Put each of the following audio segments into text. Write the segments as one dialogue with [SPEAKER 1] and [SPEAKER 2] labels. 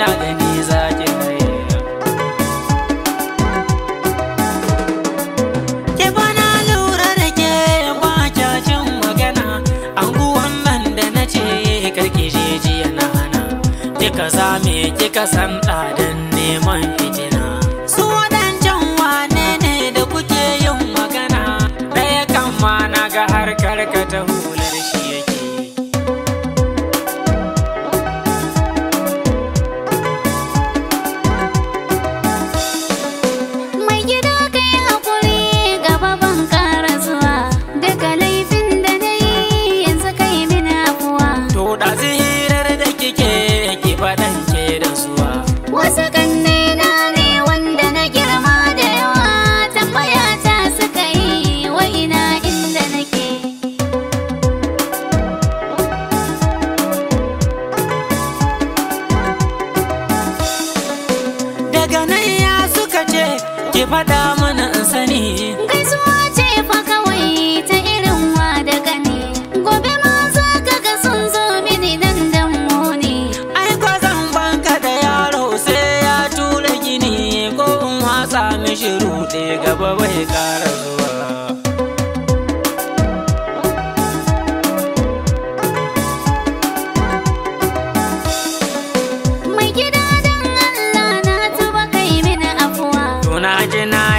[SPEAKER 1] kina gani ki kai Ke bana lura da ke ba cin magana anguwan nan da na ce karki je na hana kika me kika san ɗadan neman fitina su wadancan wane ne da kuke yin magana ɗaya kan ma na ga harkar ka ta hular shi yake ku ɗazi hirar da kike ki faɗan ke da suwa. Wasu kanne ne wanda na girma da yawa tambaya ta suka yi wa ina inda nake. Daga nan ya suka ce ki faɗa mana in sani. wani shiru ɗe gaba bai ƙara zuwa Mai gida don Allah na tuba kai mini afuwa. Tuna jina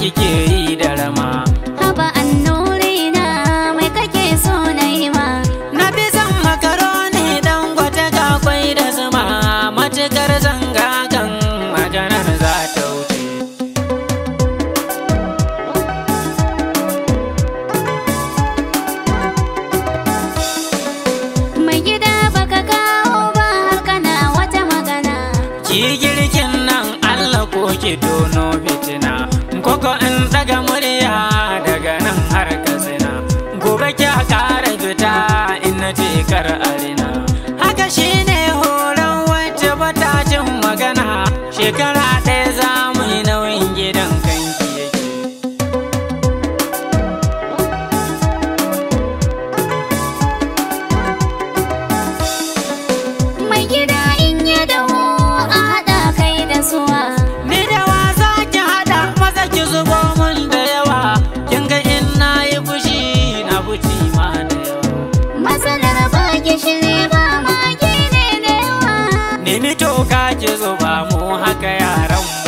[SPEAKER 1] kike yi da rama Haba annuri na mai kake so na yi ma Na bi zan makaroni dan gwata ga kwai da zuma matukar zanga kan maganar za ta wuce Mai gida baka kawo ba har kana wata magana Ki girkin nan Allah ko ki dono fitina koko in tsaga murya daga nan har zina gobe ki a kara fita in na je kar arina haka shine horon wacce bata jin magana shekara ɗaya za mu yi nauyin gidan kanki yake mai gida Ka ki zuba mu haka yaran mu